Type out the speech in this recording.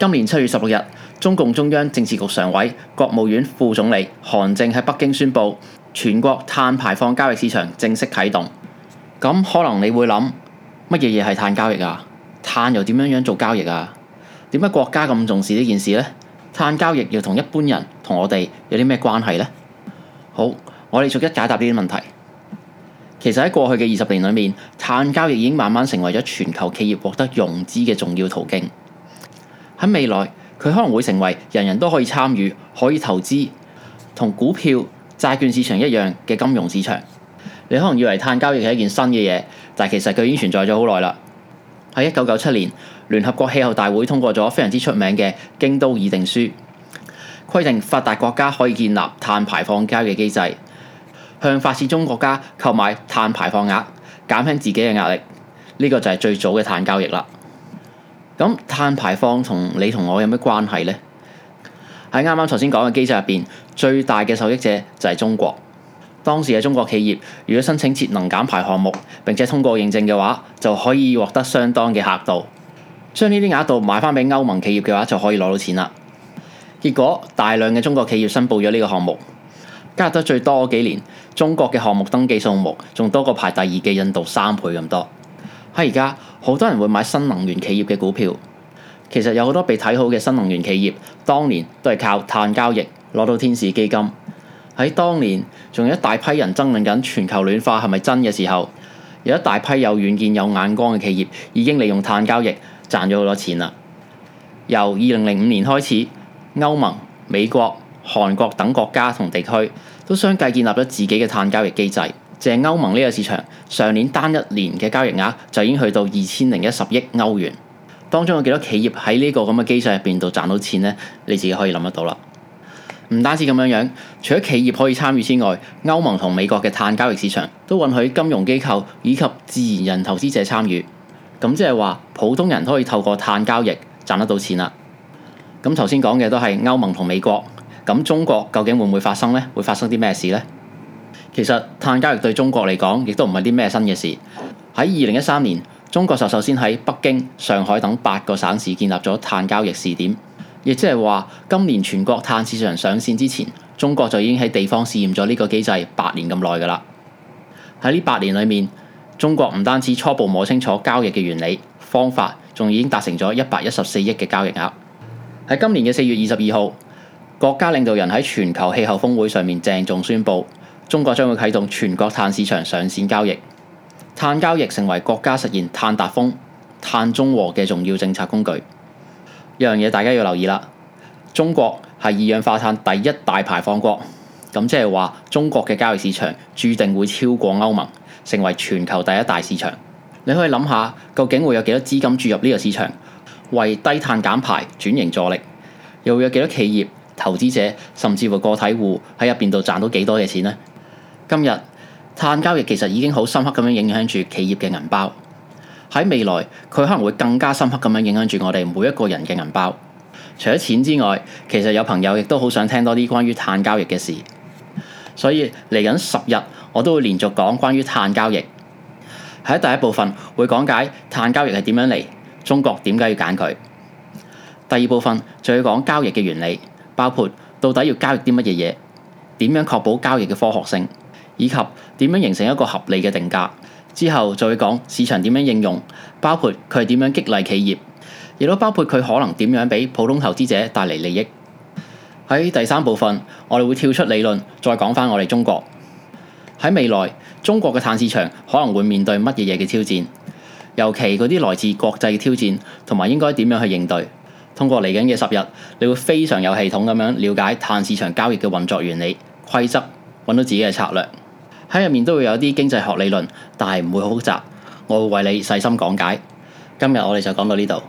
今年七月十六日，中共中央政治局常委、國務院副總理韓正喺北京宣布，全國碳排放交易市場正式啟動。咁可能你會諗，乜嘢嘢係碳交易啊？碳又點樣樣做交易啊？點解國家咁重視呢件事咧？碳交易又同一般人同我哋有啲咩關係咧？好，我哋逐一解答呢啲問題。其實喺過去嘅二十年裏面，碳交易已經慢慢成為咗全球企業獲得融資嘅重要途徑。喺未來，佢可能會成為人人都可以參與、可以投資，同股票、債券市場一樣嘅金融市場。你可能以為碳交易係一件新嘅嘢，但其實佢已經存在咗好耐啦。喺一九九七年，聯合國氣候大會通過咗非常之出名嘅京都議定書，規定發達國家可以建立碳排放交易機制，向發展中國家購買碳排放額，減輕自己嘅壓力。呢個就係最早嘅碳交易啦。咁碳排放同你同我有咩關係呢？喺啱啱頭先講嘅機制入邊，最大嘅受益者就係中國。當時嘅中國企業如果申請節能減排項目並且通過認證嘅話，就可以獲得相當嘅額度，將呢啲額度買翻俾歐盟企業嘅話，就可以攞到錢啦。結果大量嘅中國企業申報咗呢個項目，加得最多嗰幾年，中國嘅項目登記數目仲多過排第二嘅印度三倍咁多。喺而家，好多人會買新能源企業嘅股票。其實有好多被睇好嘅新能源企業，當年都係靠碳交易攞到天使基金。喺當年，仲有一大批人爭論緊全球暖化係咪真嘅時候，有一大批有遠見有眼光嘅企業已經利用碳交易賺咗好多錢啦。由二零零五年開始，歐盟、美國、韓國等國家同地區都相繼建立咗自己嘅碳交易機制。淨係歐盟呢個市場，上年單一年嘅交易額就已經去到二千零一十億歐元，當中有幾多企業喺呢個咁嘅機制入邊度賺到錢呢？你自己可以諗得到啦。唔單止咁樣樣，除咗企業可以參與之外，歐盟同美國嘅碳交易市場都允許金融機構以及自然人投資者參與。咁即係話，普通人都可以透過碳交易賺得到錢啦。咁頭先講嘅都係歐盟同美國，咁中國究竟會唔會發生呢？會發生啲咩事呢？其實，碳交易對中國嚟講，亦都唔係啲咩新嘅事。喺二零一三年，中國就首先喺北京、上海等八個省市建立咗碳交易試點，亦即係話今年全國碳市場上線之前，中國就已經喺地方試驗咗呢個機制八年咁耐㗎啦。喺呢八年裏面，中國唔單止初步摸清楚交易嘅原理、方法，仲已經達成咗一百一十四億嘅交易額。喺今年嘅四月二十二號，國家領導人喺全球氣候峰會上面鄭重宣布。中國將會啟動全國碳市場上線交易，碳交易成為國家實現碳達峰、碳中和嘅重要政策工具。有樣嘢大家要留意啦，中國係二氧化碳第一大排放國，咁即係話中國嘅交易市場注定會超過歐盟，成為全球第一大市場。你可以諗下，究竟會有幾多資金注入呢個市場，為低碳減排轉型助力？又會有幾多企業、投資者甚至乎個體戶喺入面度賺到幾多嘅錢呢？今日碳交易其實已經好深刻咁樣影響住企業嘅銀包，喺未來佢可能會更加深刻咁樣影響住我哋每一個人嘅銀包。除咗錢之外，其實有朋友亦都好想聽多啲關於碳交易嘅事，所以嚟緊十日我都會連續講關於碳交易。喺第一部分會講解碳交易係點樣嚟，中國點解要揀佢。第二部分就要講交易嘅原理，包括到底要交易啲乜嘢嘢，點樣確保交易嘅科學性。以及點樣形成一個合理嘅定價，之後再講市場點樣應用，包括佢係點樣激勵企業，亦都包括佢可能點樣俾普通投資者帶嚟利益。喺第三部分，我哋會跳出理論，再講翻我哋中國。喺未來，中國嘅碳市場可能會面對乜嘢嘢嘅挑戰，尤其嗰啲來自國際嘅挑戰，同埋應該點樣去應對。通過嚟緊嘅十日，你會非常有系統咁樣了解碳市場交易嘅運作原理、規則，揾到自己嘅策略。喺入面都會有啲經濟學理論，但係唔會好複雜，我會為你細心講解。今日我哋就講到呢度。